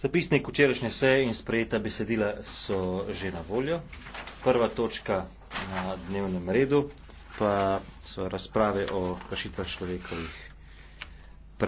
Zapisnik včerajšnje seje in sprejeta besedila so že na voljo. Prva točka na dnevnem redu pa so razprave o kršitvah človekovih